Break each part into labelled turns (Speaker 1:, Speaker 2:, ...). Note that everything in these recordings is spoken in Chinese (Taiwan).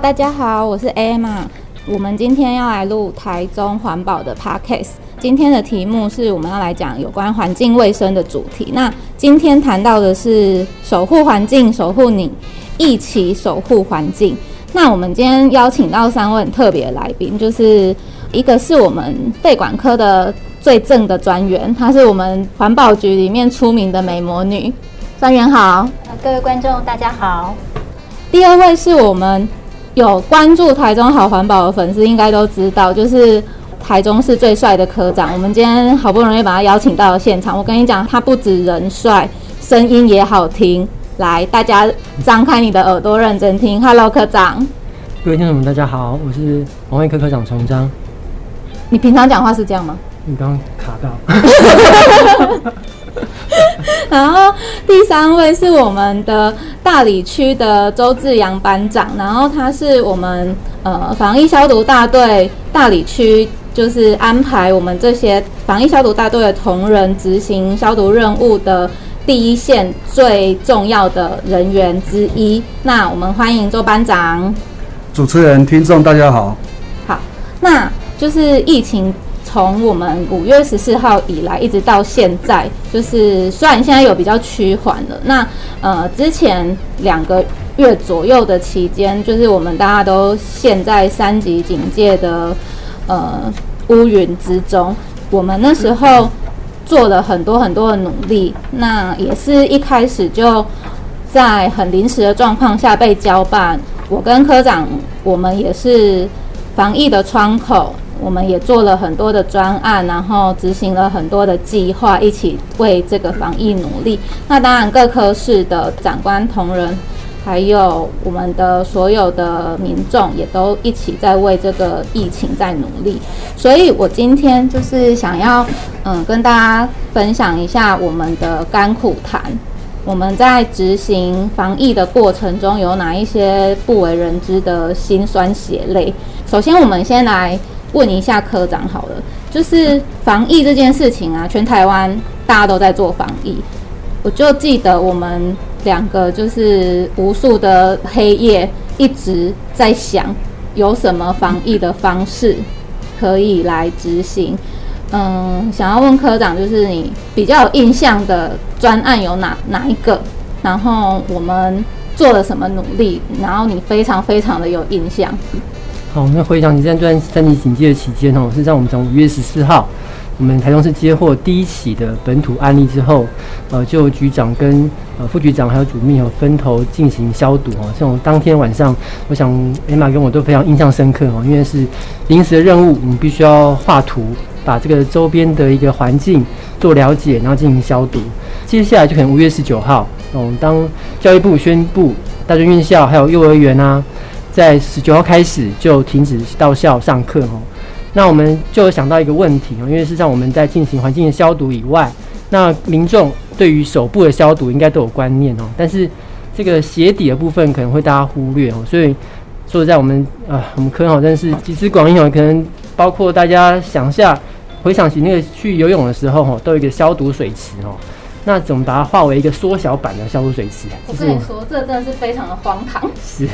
Speaker 1: 大家好，我是 Emma。我們今天要來錄台中環保的 Podcast。今天的題目是我們要來講有關環境衛生的主題。那今天談到的是守護環境，守護你，一起守護環境。那我們今天邀請到三位特別來賓，就是一個是我們廢管科的最正的專員，她是我們環保局裡面出名的美魔女。專員好，各
Speaker 2: 位觀眾大家好。
Speaker 1: 第二位是我們。有關注台中好環保的粉絲應該都知道，就是台中市最帥的科長。我們今天好不容易把他邀請到了現場，我跟你講，他不止人帥，聲音也好聽。來，大家張開你的耳朵，認真聽。Hello，科長。
Speaker 3: 各位聽眾們，大家好，我是環衛科科長泓璋。
Speaker 1: 你平常講話是這樣嗎？你
Speaker 3: 剛剛卡到。
Speaker 1: 然後第三位是我們的大里區的周志揚班長，然後他是我們呃防疫消毒大隊大里區，就是安排我們這些防疫消毒大隊的同仁執行消毒任務的第一線最重要的人員之一。那我們歡迎周班長。
Speaker 4: 主持人、聽眾大家好，
Speaker 1: 好，那就是疫情。從我們五月十四號以來，一直到現在，就是雖然現在有比較趨緩了，那呃，之前兩個月左右的期間，就是我們大家都陷在三級警戒的呃烏雲之中。我們那時候做了很多很多的努力，那也是一開始就在很臨時的狀況下被交辦。我跟科長，我們也是防疫的窗口。我們也做了很多的專案，然後執行了很多的計劃，一起為這個防疫努力。那當然，各科室的長官同仁，還有我們的所有的民眾，也都一起在為這個疫情在努力。所以，我今天就是想要，嗯，跟大家分享一下我們的甘苦談。我們在執行防疫的過程中，有哪一些不為人知的辛酸血淚？首先，我們先來。問一下科長好了，就是防疫這件事情啊，全台灣大家都在做防疫。我就記得我們兩個就是無數的黑夜一直在想有什麼防疫的方式可以來執行。嗯，想要問科長，就是你比較有印象的專案有哪哪一個？然後我們做了什麼努力？然後你非常非常的有印象。
Speaker 3: 好，那回想你這段三級警戒的期間哦，是在我們從五月十四號，我們台中市接獲第一起的本土案例之後，呃，就局長跟呃副局長還有主秘有分頭進行消毒哦。這種當天晚上，我想 Emma 跟我都非常印象深刻哦，因為是臨時的任務，我們必須要畫圖，把這個周邊的一個環境做了解，然後進行消毒。接下來就可能五月十九號，哦，當教育部宣布大專院校還有幼兒園啊。在十九號開始就停止到校上課哦，那我們就有想到一個問題哦，因為事實上我們在進行環境的消毒以外，那民眾對於手部的消毒應該都有觀念哦，但是這個鞋底的部分可能會大家忽略哦，所以說在我們啊、呃，我們科好像是集思廣益哦，可能包括大家想下，回想起那個去游泳的時候哈、哦，都有一個消毒水池哦，那怎麼把它化為一個縮小版的消毒水池？就是、我跟你
Speaker 1: 說，這個、真的是非常的荒唐，是。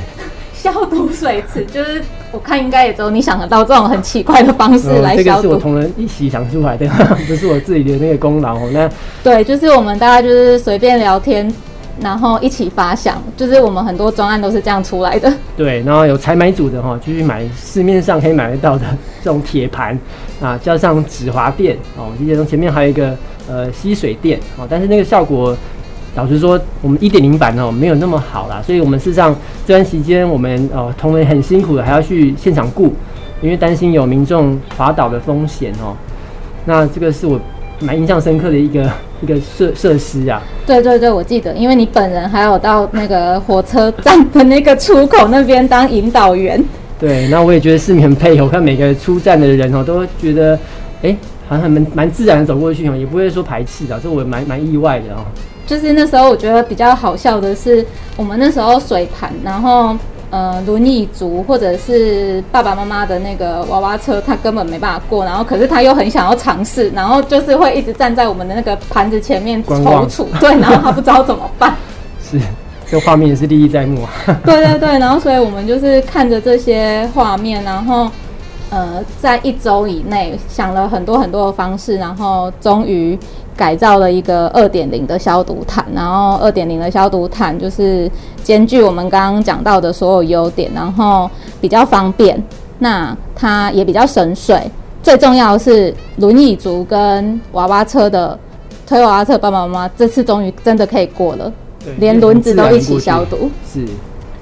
Speaker 1: 消毒水池就是，我看應該也只有你想得到這種很奇怪的方式來消毒。呃、這個是我同
Speaker 3: 仁一起想出來的，呵呵不是我自己的那個功勞，那
Speaker 1: 對，就是我們大家就是隨便聊天，然後一起發想，就是我們很多專案都是這樣出來的。
Speaker 3: 對，然後有採買組的哈，就去買市面上可以買得到的這種鐵盤啊，加上止滑墊哦。我記得前面還有一個呃吸水墊哦，但是那個效果。老實說，我們一點零版哦，沒有那麼好啦。所以，我們事實上這段時間，我們呃，同仁很辛苦的，還要去現場顧，因為擔心有民眾滑倒的風險喔。那這個是我蠻印象深刻的一個一個設設施啊。
Speaker 1: 對對對，我記得，因為你本人還有到那個火車站的那個出口那邊當引導員。
Speaker 3: 對，那我也覺得市民很配合喔，我看每個出站的人喔，都覺得，欸，好像還很蠻蠻自然的走過去喔，也不會說排斥的，這我蠻蠻意外的喔。
Speaker 1: 就是那時候，我覺得比較好笑的是，我們那時候水盤，然後呃，輪椅族或者是爸爸媽媽的那個娃娃車，他根本沒辦法過。然後，可是他又很想要嘗試，然後就是會一直站在我們的那個盤子前面躊躇，光對，然後他不知道怎麼辦。
Speaker 3: 是，這畫面也是歷歷在目啊。
Speaker 1: 對對對，然後所以我們就是看着這些畫面，然後呃，在一週以內想了很多很多的方式，然後終於。改造了一個二點零的消毒毯，然後二點零的消毒毯就是兼具我們剛剛講到的所有優點，然後比較方便，那它也比較省水。最重要的是，輪椅族跟娃娃車的推娃娃車爸爸媽媽這次終於真的可以過了，對連輪子都一起消毒。
Speaker 3: 是。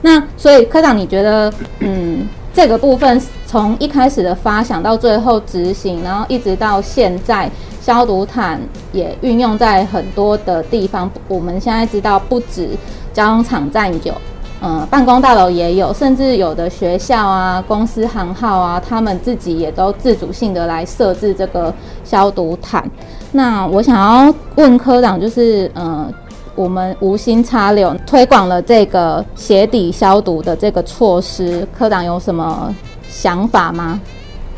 Speaker 1: 那所以科長，你覺得，嗯？這個部分從一開始的發想到最後執行，然後一直到現在，消毒毯也運用在很多的地方。我們現在知道不止交通場站有，嗯、呃，辦公大樓也有，甚至有的學校啊、公司行號啊，他們自己也都自主性的來設置這個消毒毯。那我想要問科長，就是嗯。呃我們無心插柳推廣了這個鞋底消毒的這個措施，科長有什麼想法嗎？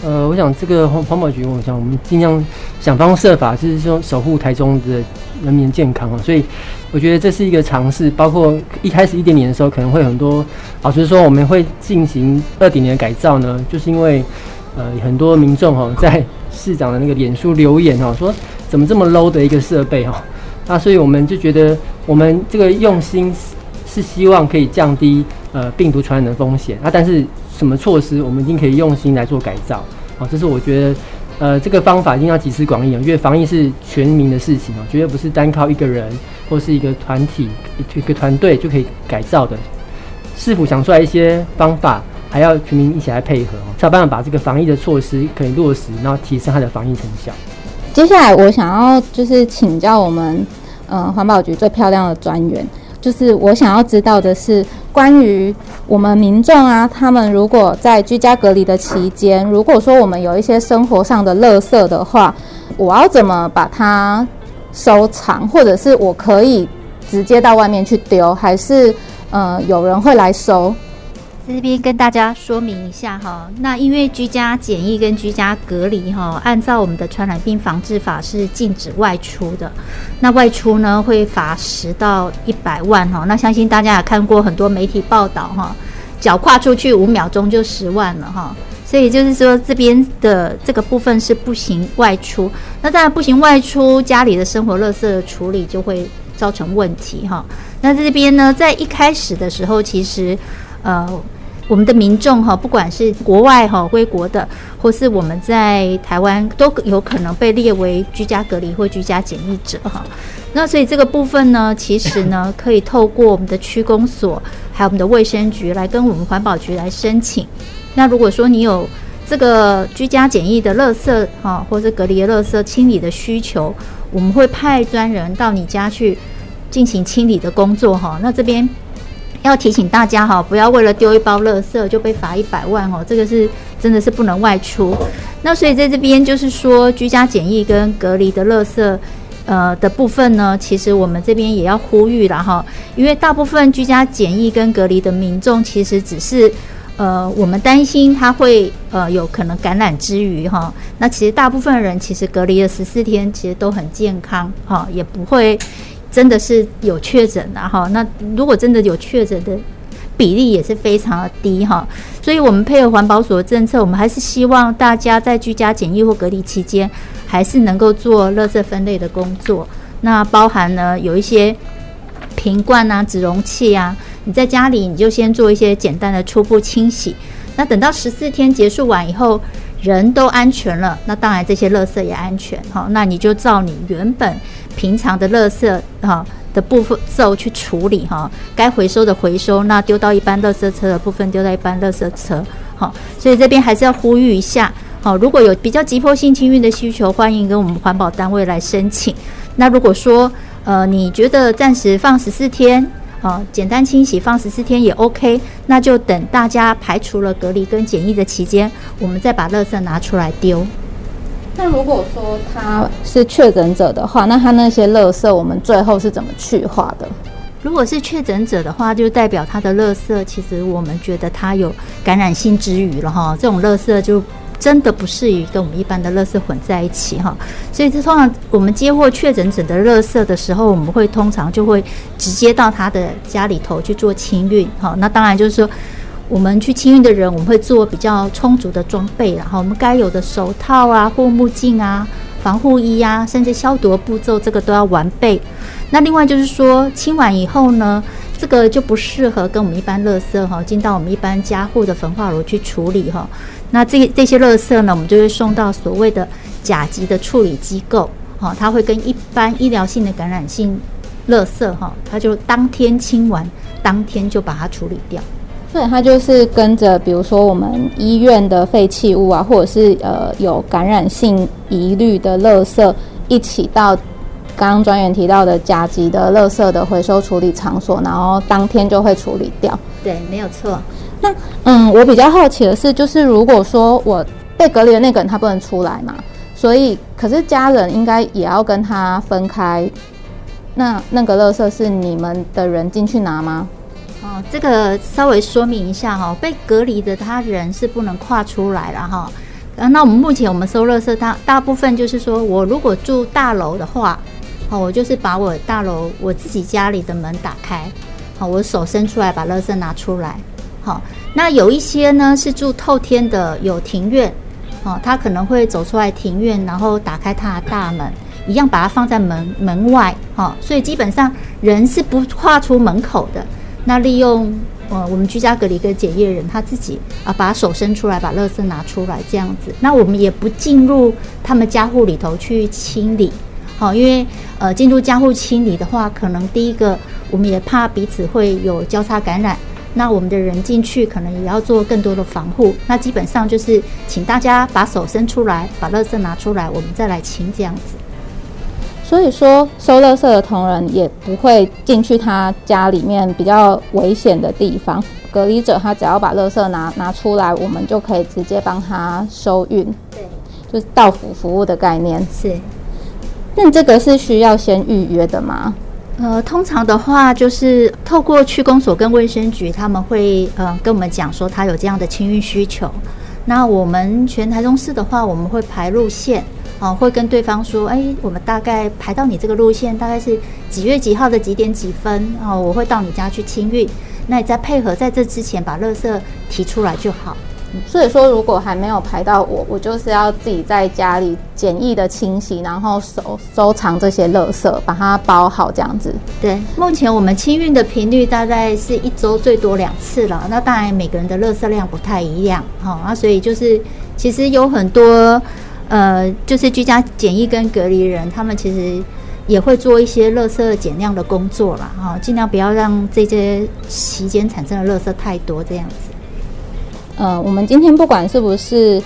Speaker 3: 呃，我想這個環保局，我想我們盡量想方設法，就是說守護台中的人民健康啊。所以我覺得這是一個嘗試。包括一開始一點零的時候，可能會很多，老實說，我們會進行二點零的改造呢，就是因為呃很多民眾哈在市長的那個臉書留言哦，說怎麼這麼 low 的一個設備哦。那所以我們就覺得，我們這個用心是希望可以降低呃病毒傳染的風險啊。那但是什麼措施，我們一定可以用心來做改造啊，哦。這是我覺得，呃，這個方法一定要集思廣益哦，因為防疫是全民的事情哦，絕對不是單靠一個人或是一個團體一個團隊就可以改造的。是否想出來一些方法，還要全民一起來配合哦，想辦法把這個防疫的措施可以落實，然後提升它的防疫成效。
Speaker 1: 接下來我想要就是請教我們，嗯、呃，環保局最漂亮的專員，就是我想要知道的是關於我們民眾啊，他們如果在居家隔離的期間，如果說我們有一些生活上的垃圾的話，我要怎麼把它收藏，或者是我可以直接到外面去丟，還是嗯、呃，有人會來收？
Speaker 2: 這邊跟大家說明一下哈，那因為居家檢疫跟居家隔離哈，按照我們的傳染病防治法是禁止外出的。那外出呢，會罰十到一百萬哈。那相信大家也看過很多媒體報道哈，腳跨出去五秒鐘就十萬了哈。所以就是說這邊的這個部分是不行外出。那當然不行外出，家裡的生活垃圾的處理就會造成問題哈。那這邊呢，在一開始的時候其實呃。我們的民眾哈，不管是國外哈歸國的，或是我們在台灣都有可能被列為居家隔離或居家檢疫者哈。那所以這個部分呢，其實呢可以透過我們的區公所，還有我們的衛生局來跟我們環保局來申請。那如果說你有這個居家檢疫的垃圾哈，或是隔離的垃圾清理的需求，我們會派專人到你家去進行清理的工作哈。那這邊。要提醒大家哈，不要為了丟一包垃圾就被罰一百萬哦，這個是真的是不能外出。那所以在這邊就是說，居家檢疫跟隔離的垃圾，呃的部分呢，其實我們這邊也要呼籲了哈，因為大部分居家檢疫跟隔離的民眾，其實只是呃我們擔心他會呃有可能感染之虞哈，那其實大部分人其實隔離了十四天，其實都很健康哈，也不會。真的是有確診的哈，那如果真的有確診的比例也是非常的低哈，所以我們配合環保署的政策，我們還是希望大家在居家檢疫或隔離期間，還是能夠做垃圾分類的工作。那包含呢，有一些瓶罐啊、紙容器啊，你在家裡你就先做一些簡單的初步清洗。那等到十四天結束完以後，人都安全了，那當然這些垃圾也安全哈。那你就照你原本。平常的垃圾啊的部分，就去處理哈，該回收的回收，那丟到一般垃圾車的部分丟到一般垃圾車，好，所以這邊還是要呼籲一下，好，如果有比較急迫性清運的需求，歡迎跟我們環保單位來申請。那如果說呃你覺得暫時放十四天，啊，簡單清洗放十四天也 OK，那就等大家排除了隔離跟檢疫的期間，我們再把垃
Speaker 1: 圾拿出來丟。那如果說他是確診者的話，那他那些垃圾我們最後是怎麼去化的？
Speaker 2: 如果是確診者的話，就代表他的垃圾其實我們覺得他有感染性之虞了哈，這種垃圾就真的不適於跟我們一般的垃圾混在一起哈。所以通常我們接獲確診者的垃圾的時候，我們會通常就會直接到他的家裡頭去做清運哈。那當然就是說。我們去清運的人，我們會做比較充足的裝備，啊，然後我們該有的手套啊、護目鏡啊、防護衣啊，甚至消毒步驟，這個都要完備。那另外就是說，清完以後呢，這個就不適合跟我們一般垃圾哈、啊，進到我們一般家戶的焚化爐去處理哈、啊。那這這些垃圾呢，我們就會送到所謂的甲級的處理機構，哈、啊，它會跟一般醫療性的感染性垃圾哈、啊，它就當天清完，當天就把它處理掉。
Speaker 1: 對，他就是跟着，比如說我們醫院的廢棄物啊，或者是呃有感染性疑慮的垃圾，一起到剛剛專員提到的甲級的垃圾的回收處理場所，然後當天就會處理掉。
Speaker 2: 對，沒有錯。那
Speaker 1: 嗯，我比較好奇的是，就是如果說我被隔離的那個人他不能出來嘛，所以可是家人應該也要跟他分開。那那個垃圾是你們的人進去拿嗎？這個稍微
Speaker 2: 說明一下哈，被隔離的他人是不能跨出來了哈。呃，那我們目前我們收垃圾大大部分就是說，我如果住大樓的話，好，我就是把我大樓我自己家裡的門打開，好，我手伸出來把垃圾拿出來。好，那有一些呢是住透天的，有庭院，哦，他可能會走出來庭院，然後打開他的大門，一樣把它放在門門外哈。所以基本上人是不跨出門口的。那利用呃我們居家隔離跟檢疫的人他自己啊、呃，把手伸出來，把垃圾拿出來這樣子。那我們也不進入他們家戶裡頭去清理，好、哦，因為呃進入家戶清理的話，可能第一個我們也怕彼此會有交叉感染。那我們的人進去可能也要做更多的防護。那基本上就是請大家把手伸出來，把垃圾拿出來，我們再來清這樣子。
Speaker 1: 所以說，收垃圾的同仁也不會進去他家裡面比較危險的地方。隔離者他只要把垃圾拿拿出來，我們就可以直接幫他收運。對，就是到府服務的概念。是。那你這個是需要先預約的嗎？
Speaker 2: 呃，通常的話，就是透過區公所跟衛生局，他們會嗯、呃、跟我們講說他有這樣的清運需求。那我們全台中市的話，我們會排路線。哦，會跟對方說，哎，我們大概排到你這個路線，大概是幾月幾號的幾點幾分哦，我會到你家去清運，那你再配
Speaker 1: 合在這之前把垃圾提出來就好。所以說，如果還沒有排到我，我就是要自己在家裡簡易的清洗，然後收收藏這些垃圾，把它包好這樣子。對，目前我們清運的頻率大概是一周最
Speaker 2: 多兩次了。那當然每個人的垃圾量不太一樣，哈、哦，那、啊、所以就是其實有很多。呃，就是居家檢疫跟隔離人，他們其實也會做一些垃圾減量的工作啦。哈、哦，盡量不要讓這些期間產生
Speaker 1: 的垃圾太多這樣子。呃，我們今天不管是不是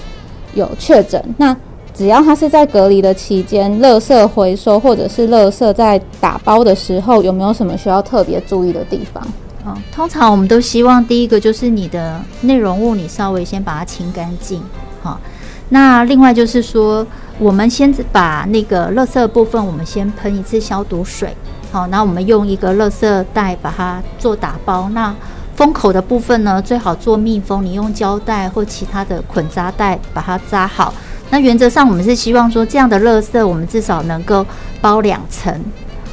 Speaker 1: 有確診，那只要他是在隔離的期間，垃圾回收或者是垃圾在打包的時候，有沒有什麼需要特別注意的地方？嗯、哦，
Speaker 2: 通常我們都希望第一個就是你的內容物，你稍微先把它清乾淨，哈、哦。那另外就是說，我們先把那個垃圾的部分，我們先噴一次消毒水，好，那我們用一個垃圾袋把它做打包。那封口的部分呢，最好做密封，你用膠帶或其他的捆紮帶把它紮好。那原則上，我們是希望說，這樣的垃圾我們至少能夠包兩層，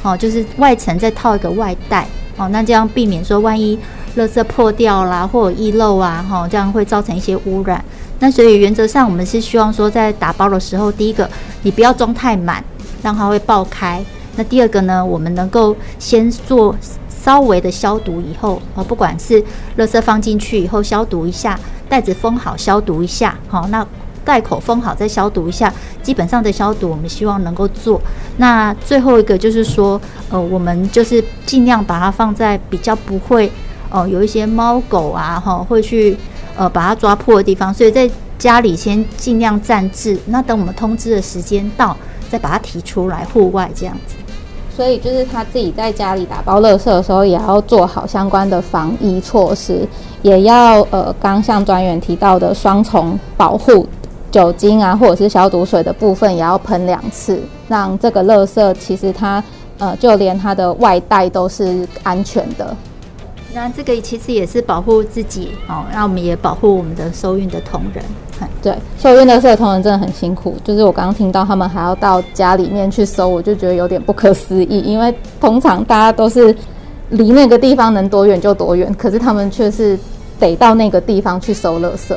Speaker 2: 哦，就是外層再套一個外袋。哦，那這樣避免說，萬一垃圾破掉啦，或者溢漏啊，哈、哦，這樣會造成一些污染。那所以原則上，我們是希望說，在打包的時候，第一個，你不要裝太滿，讓它會爆開。那第二個呢，我們能夠先做稍微的消毒以後，哦，不管是垃圾放進去以後消毒一下，袋子封好消毒一下，好、哦，那。袋口封好，再消毒一下。基本上的消毒，我們希望能夠做。那最後一個就是說，呃，我們就是盡量把它放在比較不會哦、呃、有一些貓狗啊哈，會去呃把它抓破的地方。所以在家裡先盡量暫置，那等我們通知的時間到，再把它提出來戶外這樣子。
Speaker 1: 所以就是他自己在家裡打包垃圾的時候，也要做好相關的防疫措施，也要呃剛向專員提到的雙重保護。酒精啊，或者是消毒水的部分也要噴兩次，讓這個垃圾其實它呃就連它的外袋都是安全的。
Speaker 2: 那這個其實也是保護自己哦，那、啊、我們也保護我們的收運的同仁。嗯、
Speaker 1: 對，收運垃圾的同仁真的很辛苦。就是我剛剛聽到他們還要到家裡面去收，我就覺得有點不可思議，因為通常大家都是離那個地方能多遠就多遠，可是他們卻是得到那個地方去收垃圾。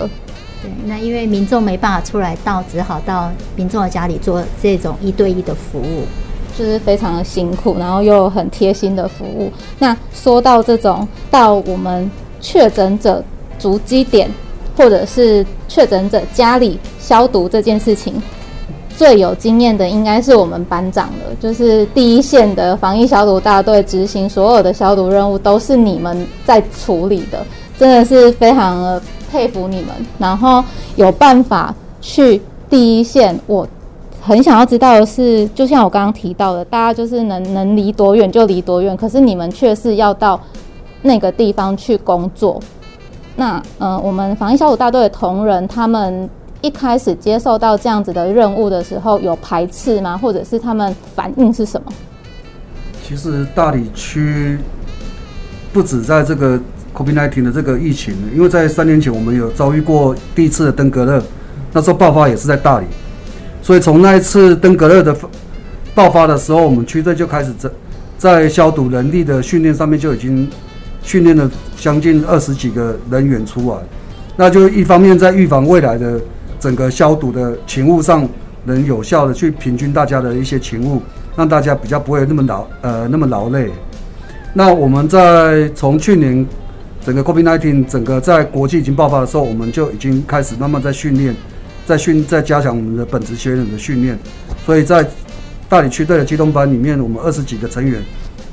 Speaker 2: 嗯、那因為民眾沒辦法出來
Speaker 1: 到，只好到民眾的家裡做這種一對一的服務，就是非常的辛苦，然後又很貼心的服務。那說到這種到我們確診者足迹點，或者是確診者家裡消毒這件事情，最有經驗的應該是我們班長了，就是第一線的防疫消毒大隊執行所有的消毒任務，都是你們在處理的，真的是非常的。佩服你們，然後有辦法去第一線。我很想要知道的是，就像我剛剛提到的，大家就是能能離多遠就離多遠，可是你們卻是要到那個地方去工作。那，嗯、呃，我們防疫小組大隊的同仁，他們一開始接受到這樣子的任務的時候，有排斥嗎？或者是他們反應是什麼？
Speaker 4: 其實大里區不止在這個。COVID-19 的這個疫情，因為在三年前我們有遭遇過第一次的登革熱，那時候爆發也是在大里，所以從那一次登革熱的爆發的時候，我們區隊就開始在在消毒能力的訓練上面就已經訓練了將近二十幾個人員出來，那就一方面在預防未來的整個消毒的勤務上能有效的去平均大家的一些勤務，讓大家比較不會那麼勞呃，那麼勞累。那我們在從去年整個 COVID-19，整個在國際已經爆發的時候，我們就已經開始慢慢在訓練，在訓在加強我們的本職學員的訓練。所以在大里區隊的機動班裡面，我們二十幾個成員，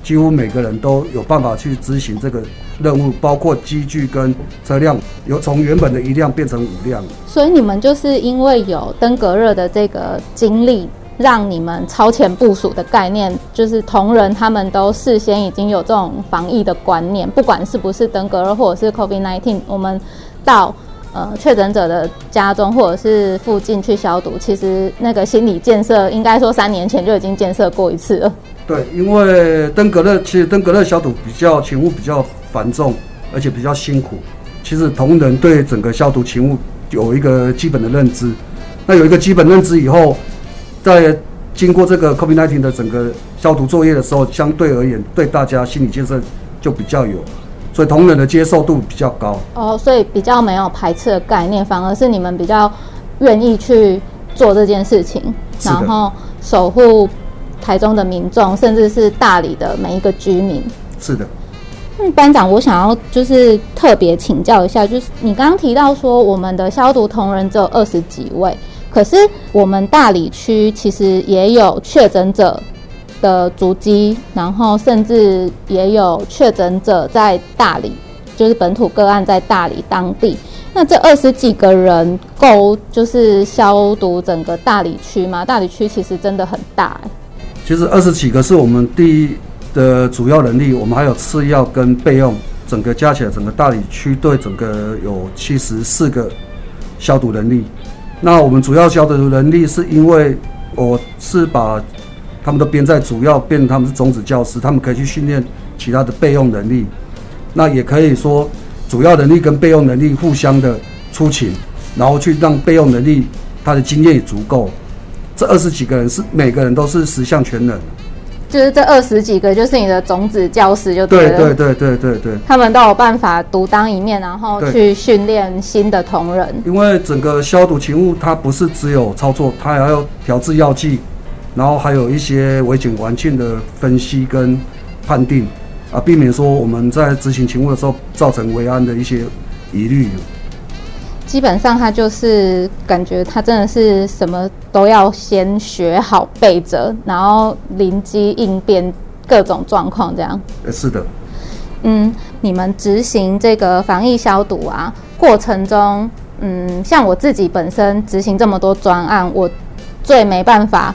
Speaker 4: 幾乎每個人都有辦法去執行這個任務，包括機具跟車輛，有從原本的一輛變成五輛。
Speaker 1: 所以你們就是因為有登革熱的這個經歷。讓你們超前部署的概念，就是同仁他們都事先已經有這種防疫的觀念，不管是不是登革熱或者是 COVID-19，我們到呃確診者的家中或者是附近去消毒，其實那個心理建設應該說三年前就已經建設過一次了。
Speaker 4: 對，因為登革熱其實登革熱消毒比較勤務比較繁重，而且比較辛苦。其實同仁對整個消毒勤務有一個基本的認知，那有一個基本認知以後。在經過這個 COVID-19 的整個消毒作業的時候，相對而言對大家心理建設就比較有，所以同仁的接受度比較高。
Speaker 1: 哦，所以比較沒有排斥的概念，反而是你們比較願意去做這件事情，是的，然後守護台中的民眾，甚至是大里的每一個居民。是的。嗯，班長，我想要就是特別請教一下，就是你剛剛提到說，我們的消毒同仁只有二十幾位。可是我們大里區其實也有確診者的足跡，然後甚至也有確診者在大里，就是本土個案在大里當地。那這二十幾個人夠就是消毒整個大里區嗎？大里區其實真的很大，欸。
Speaker 4: 其實二十幾個是我們第一的主要人力，我們還有次要跟備用，整個加起來整個大里區隊整個有七十四個消毒人力。那我們主要教的能力，是因為我是把他們都編在主要編，變成他們是種子教師，他們可以去訓練其他的備用能力。那也可以說，主要能力跟備用能力互相的出勤，然後去讓備用能力他的經驗也足夠。這二十幾個人是每個人都是十項全能。
Speaker 1: 就是這二十幾個，就是你的種子教師就對了。對
Speaker 4: 對對對對,對
Speaker 1: 他們都有辦法獨當一面，然後去訓練新的同仁。對。
Speaker 4: 因為整個消毒勤務，它不是只有操作，它還要調制藥劑，然後還有一些危險環境的分析跟判定，啊，避免說我們在執行勤務的時候造成危安的一些疑慮。
Speaker 1: 基本上，他就是感覺他真的是什麼都要先學好、背着，然後臨機應變各種狀況這樣。欸、是的，嗯，你們執行這個防疫消毒啊過程中，嗯，像我自己本身執行這麼多專案，我最沒辦法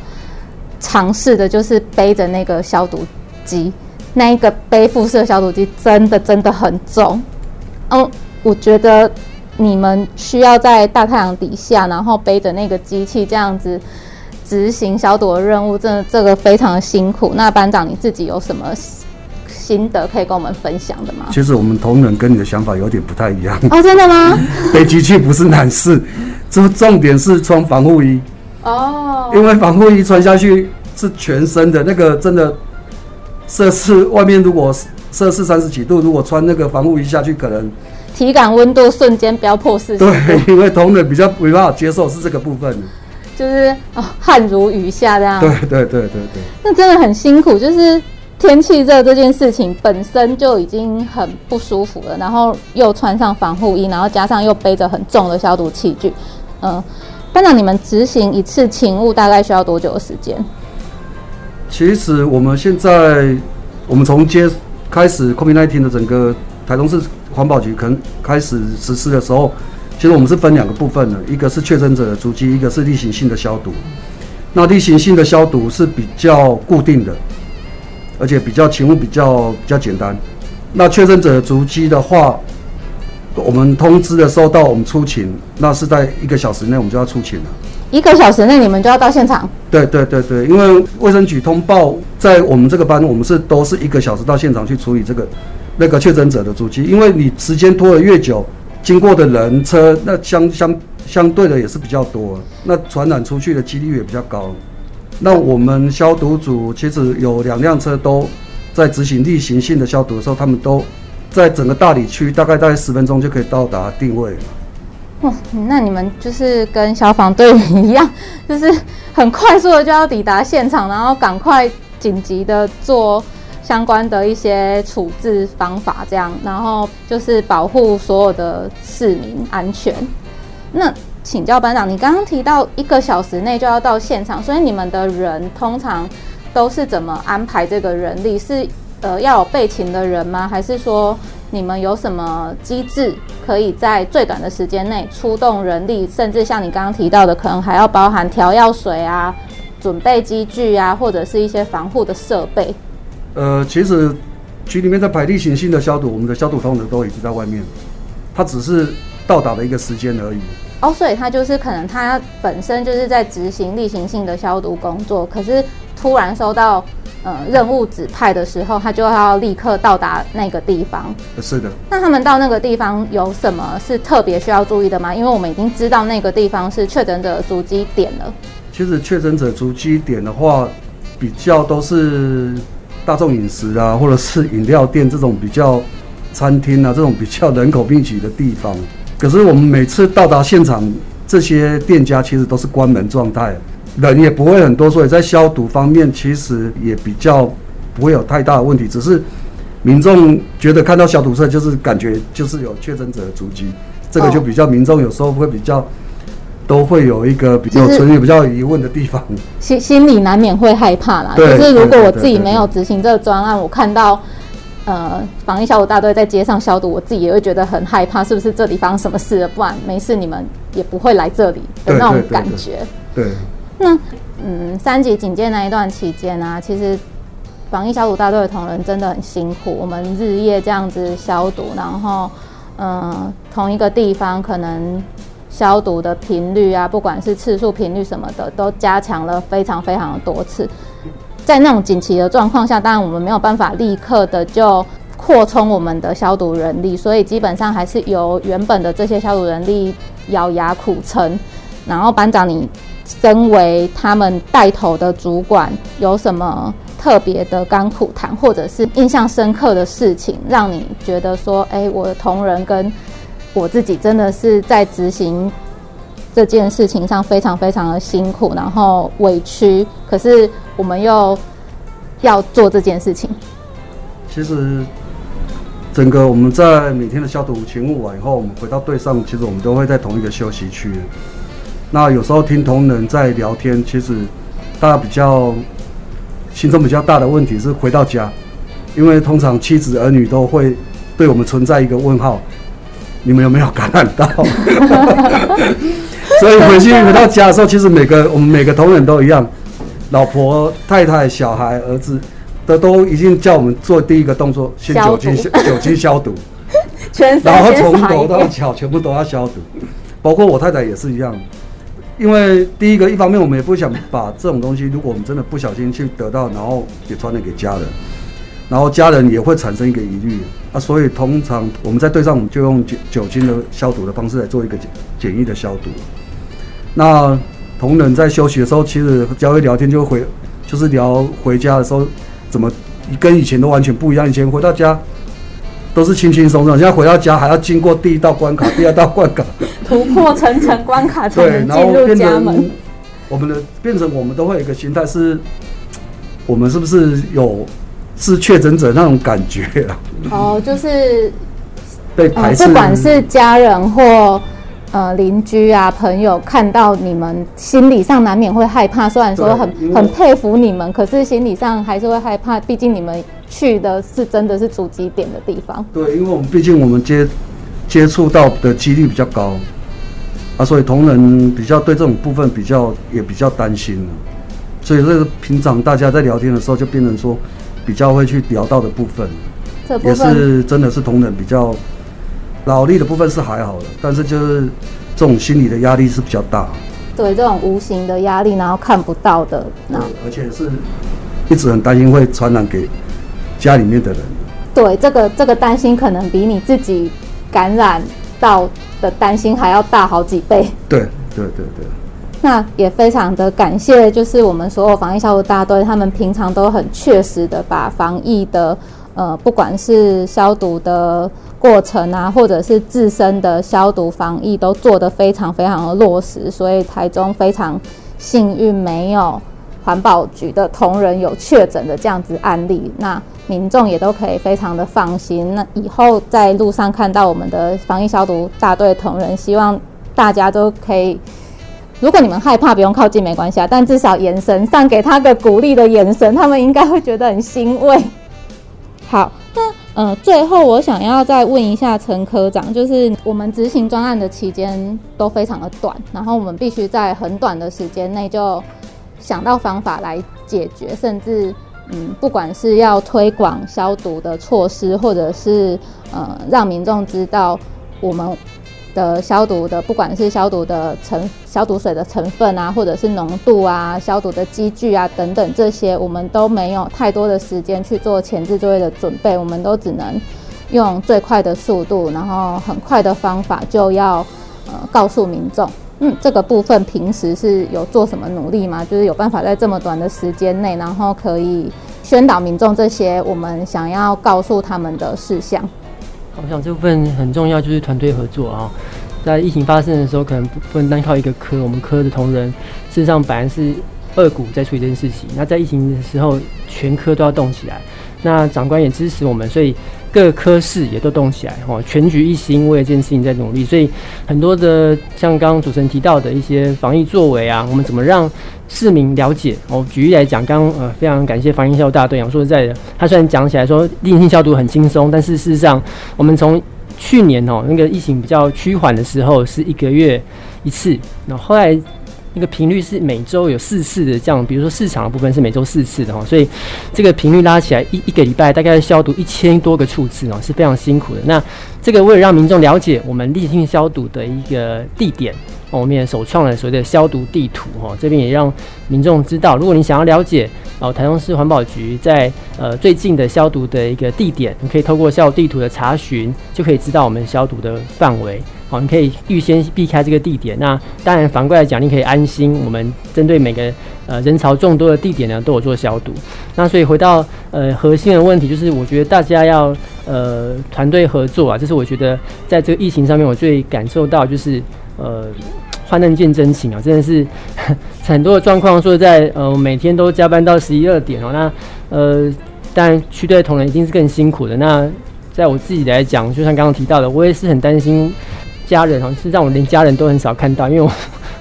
Speaker 1: 嘗試的就是背着那個消毒機，那一個背負式消毒機真的真的很重，嗯、哦，我覺得。你們需要在大太陽底下，然後背着那個機器這樣子執行消毒的任務，真的這個非常辛苦。那班長你自己有什麼心得可以跟我們分享的嗎？其
Speaker 4: 實我們同仁跟你的想法有點不太一樣哦，真的嗎？背機器不是難事，重 重點是穿防護衣
Speaker 1: 哦，因
Speaker 4: 為防護衣穿下去是全身的，那個真的攝氏外面如果攝氏三十幾度，如果穿那個防護衣下去可能。
Speaker 1: 體感溫度瞬間飆破四十度，對，
Speaker 4: 因為同仁比較沒辦法接受，是這個部分，就
Speaker 1: 是、哦、汗如雨下這樣，對對
Speaker 4: 對對對，對對
Speaker 1: 對對，那真的很辛苦。就是天氣熱這件事情本身就已經很不舒服了，然後又穿上防護衣，然後加上又背着很重的消毒器具，嗯、呃，班長，你們執行一次勤務大概需要多久的時間？
Speaker 4: 其實我們現在，我們從接開始 COVID-19 的整個台中市。環保局可能開始實施的時候，其實我們是分兩個部分的，一個是確診者的足跡，一個是例行性的消毒。那例行性的消毒是比較固定的，而且比較勤務比較比較簡單。那確診者的足跡的話，我們通知的時候到我們出勤，那是在一個小時內我們就要出勤
Speaker 1: 了。一個小時內你們就要到現場？
Speaker 4: 對對對對，因為衛生局通報在我們這個班，我們是都是一個小時到現場去處理這個。那個確診者的足跡，因為你時間拖得越久，經過的人車那相相相對的也是比較多，那傳染出去的幾率也比較高。那我們消毒組其實有兩輛車都在執行例行性的消毒的時候，他們都在整個大里區，大概大概十分鐘就可以到達定位。
Speaker 1: 哇，那你們就是跟消防隊員一樣，就是很快速的就要抵達現場，然後趕快緊急的做相關的一些處置方法，這樣，然後就是保護所有的市民安全。那請教班長，你剛剛提到一個小時內就要到現場，所以你們的人通常都是怎麼安排這個人力？是呃要有備勤的人嗎？還是說你們有什麼機制可以在最短的時間內出動人力？甚至像你剛剛提到的，可能還要包含調藥水啊、準備機具啊，或者是一些防護的設備。
Speaker 4: 呃，其實局裡面在排例行性的消毒，我們的消毒通知都已經在外面，它只是到達的一個時間而已。
Speaker 1: 哦，所以他就是可能他本身就是在執行例行性的消毒工作，可是突然收到呃任務指派的時候，他就要立刻到達那個地方。
Speaker 4: 呃，是的。
Speaker 1: 那他們到那個地方有什麼是特別需要注意的嗎？因為我們已經知道那個地方是確診者足跡點了。
Speaker 4: 其實確診者足跡點的話，比較都是。大眾飲食啊，或者是飲料店這種比較餐廳啊，這種比較人口密集的地方，可是我們每次到達現場，這些店家其實都是關門狀態，人也不會很多，所以在消毒方面其實也比較不會有太大的問題。只是民眾覺得看到消毒車就是感覺就是有確診者的足跡，這個就比較民眾有時候會比較。都會有一個比較存疑，比較疑問的地
Speaker 1: 方，心心裡難免會害怕啦。對就是如果我自己沒有執行這個專案，我看到呃防疫消毒大隊在街上消毒，我自己也會覺得很害怕，是不是這地方什麼事了？不然沒事，你們也不會來這裡的那種感覺。
Speaker 3: 對，
Speaker 1: 對對對，那嗯，三級警戒那一段期間啊，其實防疫消毒大隊的同仁真的很辛苦，我們日夜這樣子消毒，然後嗯、呃，同一個地方可能。消毒的頻率啊，不管是次數、頻率什麼的，都加強了非常非常的多次。在那種緊急的狀況下，當然我們沒有辦法立刻的就擴充我們的消毒人力，所以基本上還是由原本的這些消毒人力咬牙苦撐。然後班長，你身為他們帶頭的主管，有什麼特別的甘苦談，或者是印象深刻的事情，讓你覺得說，哎、欸，我的同仁跟我自己真的是在執行這件事情上非常非常的辛苦，然後委屈。可是我們又要做這件事情。
Speaker 4: 其實，整個我們在每天的消毒勤務完以後，我們回到隊上，其實我們都會在同一個休息區。那有時候聽同仁在聊天，其實大家比較心中比較大的問題是回到家，因為通常妻子兒女都會對我們存在一個問號。你們有沒有感染到？ 所以回去回到家的時候，其實每個我們每個同仁都一樣，老婆、太太、小孩、兒子，都都已經叫我們做第一個動作，先酒精消毒酒精消毒，
Speaker 1: 然後從頭到
Speaker 4: 腳全部都要消毒，包括我太太也是一樣。
Speaker 1: 因為
Speaker 4: 第一個一方面，我們也不想把這種東西，如果我們真的不小心去得到，然後也傳染給家人。然後家人也會產生一個疑慮啊，所以通常我們在隊上，我們就用酒酒精的消毒的方式來做一個簡簡易的消毒。那同仁在休息的時候，其實交流聊天就會回，就是聊回家的時候怎麼跟以前都完全不一樣。以前回到家都是輕輕鬆鬆，現在回到家還要經過第一道關卡，第二道關卡，
Speaker 1: 突破層層關卡才能進入家門。我們，
Speaker 4: 我們的變成我們都會有一個心態是，我們是不是有？是確診者那種感覺了、
Speaker 1: 啊。哦，就是
Speaker 4: 被排斥、嗯。不管是
Speaker 1: 家人或呃鄰居啊朋友，看到你們，心理上難免會害怕。雖然說很很佩服你們，可是心理上還是會害怕。畢竟你們去的是真的是足跡點的地方。對，因
Speaker 4: 為我們畢竟我們接接觸到的幾率比較高啊，所以同仁比較對這種部分比較也比較擔心。所以這個平常大家在聊天的時候，就變成說。比較會去聊到的部分，
Speaker 1: 這部分也是
Speaker 4: 真的是同仁比較勞力的部分是還好的，但是就是這種心理的壓力是比較大。
Speaker 1: 對，這種無形的壓力，然後看不到的，那
Speaker 4: 而且是一直很擔心會傳染給家裡面的人。
Speaker 1: 對，這個這個擔心可能比你自己感染到的擔心還要大好幾倍。
Speaker 4: 對，對，對，對，對。
Speaker 1: 那也非常的感謝，就是我們所有防疫消毒大隊，他們平常都很確實的把防疫的，呃，不管是消毒的過程啊，或者是自身的消毒防疫，都做得非常非常的落實。所以台中非常幸運，沒有環保局的同仁有確診的這樣子案例，那民眾也都可以非常的放心。那以後在路上看到我們的防疫消毒大隊同仁，希望大家都可以。如果你們害怕，不用靠近沒關係啊，但至少眼神上給他個鼓勵的眼神，他們應該會覺得很欣慰。好，那嗯、呃，最後我想要再問一下陳科長，就是我們執行專案的期間都非常的短，然後我們必須在很短的時間內就想到方法來解決，甚至嗯，不管是要推廣消毒的措施，或者是呃讓民眾知道我們，的消毒的，不管是消毒的成消毒水的成分啊，或者是濃度啊，消毒的機具啊等等，這些我們都沒有太多的時間去做前置作業的準備，我們都只能用最快的速度，然後很快的方法就要呃告訴民眾。嗯，這個部分平時是有做什麼努力嗎？就是有辦法在這麼短的時間內，然後可以宣導民眾這些我們想要告訴他們的事項。
Speaker 3: 我想這部分很重要，就是團隊合作啊，喔，在疫情發生的時候，可能不，不能單靠一個科，我們科的同仁事實上本來是。二股在處理這件事情，那在疫情的時候，全科都要動起來。那長官也支持我們，所以各科室也都動起來哦，全局一心，為了這件事情在努力。所以很多的，像剛剛主持人提到的一些防疫作為啊，我們怎麼讓市民了解哦？舉例來講，剛剛呃，非常感謝防疫消毒大隊長。說實在的，他雖然講起來說定性消毒很輕鬆，但是事實上，我們從去年哦、喔，那個疫情比較趨緩的時候，是一個月一次，那後，後來。那個頻率是每周有四次的，這樣，比如說市場的部分是每周四次的哈，所以這個頻率拉起來一一個禮拜大概消毒一千多個處次呢，是非常辛苦的。那這個為了讓民眾了解我們例行消毒的一個地點，我們也首創了所謂的消毒地圖哈，這邊也讓民眾知道，如果你想要了解哦台中市環保局在呃最近的消毒的一個地點，你可以透過消毒地圖的查詢就可以知道我們消毒的範圍。好，你可以預先避開這個地點，那當然，反過來講，你可以安心。我們針對每個呃人潮眾多的地點呢，都有做消毒。那所以回到呃核心的問題，就是我覺得大家要呃團隊合作啊，這、就是我覺得在這個疫情上面，我最感受到就是呃患難見真情啊，真的是很多的狀況，說在呃每天都加班到十一二點哦、喔。那呃，當然區隊同仁一定是更辛苦的。那在我自己來講，就像剛剛提到的，我也是很擔心。家人哦，是讓我連家人都很少看到，因為我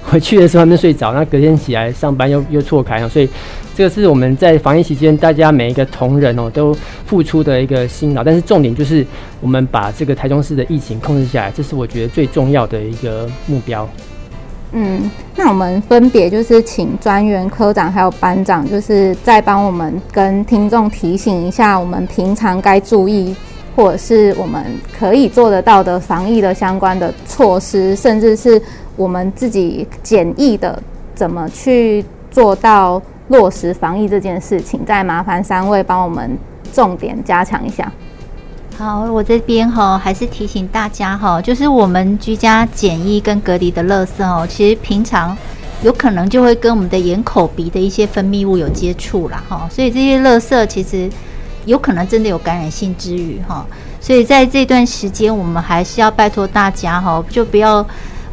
Speaker 3: 回去的時候還沒睡着，那隔天起來上班又又錯開了，所以這個是我們在防疫期間大家每一個同仁哦都付出的一個辛勞。但是重點就是我們把這個台中市的疫情控制下來，這是我覺得最重要的一個目標。
Speaker 1: 嗯，那我們分別就是請專員、科長還有班長，就是再幫我們跟聽眾提醒一下，我們平常該注意。或者是我們可以做得到的防疫的相關的措施，甚至是我們自己檢疫的怎麼去做到落實防疫這件事情，再麻煩三位幫我們重點加強一下。
Speaker 2: 好，我這邊哈還是提醒大家哈，就是我們居家檢疫跟隔離的垃圾哦，其實平常有可能就會跟我們的眼、口、鼻的一些分泌物有接觸啦哈，所以這些垃圾其實。有可能真的有感染性之虞，哈，所以在這段時間，我們還是要拜托大家，哈，就不要，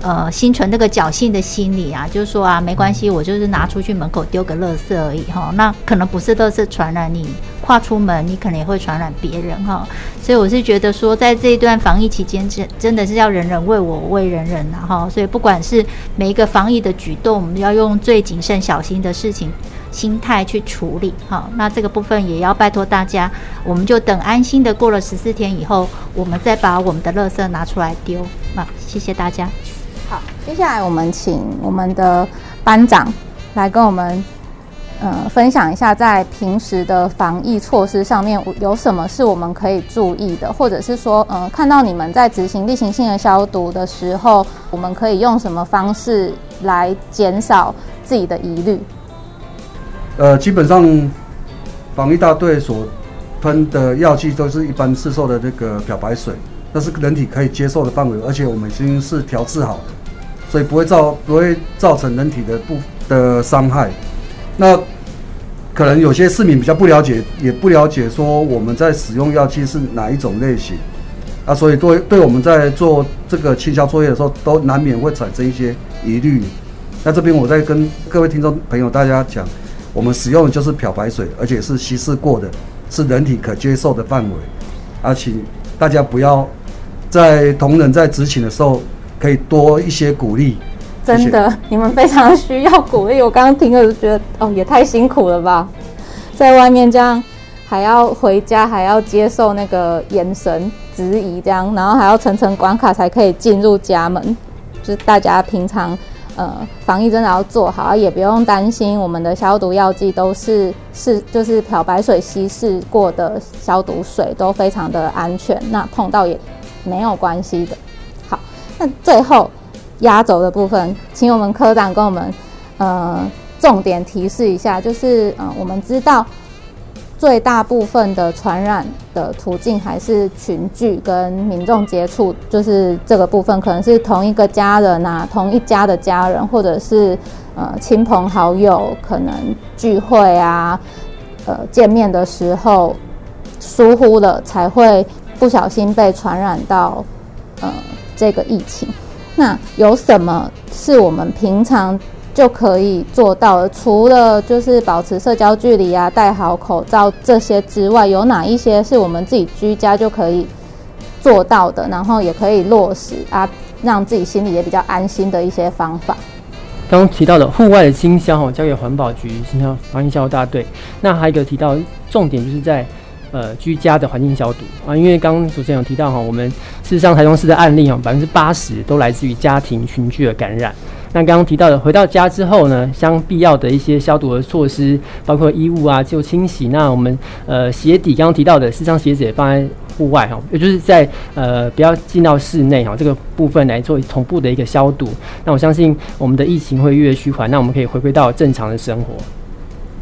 Speaker 2: 呃，心存那個僥倖的心理啊，就是說啊，沒關係，我就是拿出去門口丟個垃圾而已，哈，那可能不是垃圾傳染你，跨出門你可能也會傳染別人，哈，所以我是覺得說，在這一段防疫期間，真真的是要人人為我，為人人，吶，哈。所以不管是每一個防疫的舉動，我們要用最謹慎小心的事情心態去處理，好，那這個部分也要拜託大家。我們就等安心的過了十四天以後，我們再把我們的垃圾拿出來丟。好，謝謝大家。
Speaker 1: 好，接下來我們請我們的班長來跟我們，嗯、呃，分享一下在平時的防疫措施上面有什麼是我們可以注意的，或者是說，嗯、呃，看到你們在執行例行性的消毒的時候，我們可以用什麼方式來減少自己的疑慮？
Speaker 4: 呃，基本上防疫大隊所噴的藥劑都是一般市售的那個漂白水，但是人體可以接受的範圍，而且我們已經是調製好的，所以不會造不會造成人體的不的傷害。那可能有些市民比較不了解，也不了解說我們在使用藥劑是哪一種類型啊，所以對對我們在做這個清消作業的時候，都難免會產生一些疑慮。那這邊我再跟各位聽眾朋友大家講。我們使用的就是漂白水，而且是稀釋過的，是人體可接受的範圍。而、啊、且大家不要在同仁在執勤的時候，可以多一些鼓勵。謝謝。真的，
Speaker 1: 你們非常需要鼓勵。我剛剛聽了就覺得，哦，也太辛苦了吧，在外面這樣還要回家，還要接受那個眼神質疑，這樣然後還要層層關卡才可以進入家門，就是大家平常。呃，防疫真的要做好，也不用擔心，我們的消毒藥劑都是是就是漂白水稀釋過的消毒水，都非常的安全，那碰到也沒有關係的。好，那最後壓軸的部分，請我們科長跟我們呃重點提示一下，就是呃我們知道。最大部分的傳染的途徑還是群聚跟民眾接觸，就是這個部分可能是同一個家人啊，同一家的家人，或者是呃親朋好友可能聚會啊，呃見面的時候疏忽了才會不小心被傳染到呃這個疫情。那有什麼是我們平常？就可以做到了。除了就是保持社交距離啊，戴好口罩這些之外，有哪一些是我們自己居家就可以做到的？然後也可以落實啊，讓自己心裡也比較安心的一些方法。剛
Speaker 3: 剛提到的戶外的清消哈，交給環保局清消、環境消毒大隊。那還有一個提到重點，就是在呃居家的環境消毒啊，因為剛剛主持人有提到哈，我們事實上台中市的案例哦，百分之八十都來自於家庭群聚的感染。那剛剛提到的，回到家之後呢，相必要的一些消毒的措施，包括衣物啊，就清洗。那我們呃鞋底，剛剛提到的，四雙鞋子也放在戶外哈、哦，也就是在呃不要進到室內哈、哦、這個部分來做一同步的一個消毒。那我相信我們的疫情會越趨緩，那我們可以回歸到正常的生活。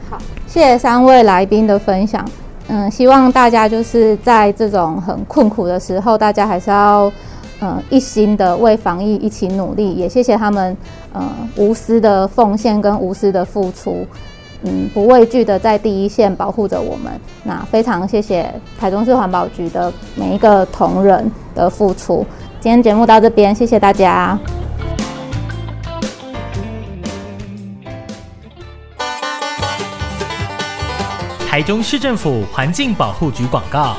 Speaker 1: 好，謝謝三位來賓的分享。嗯，希望大家就是在這種很困苦的時候，大家還是要。呃，一心的為防疫一起努力，也謝謝他們，呃，無私的奉獻跟無私的付出，嗯，不畏懼的在第一線保護着我們。那非常謝謝台中市環保局的每一個同仁的付出。今天節目到這邊，謝謝大家。
Speaker 3: 台中市政府環境保護局廣告。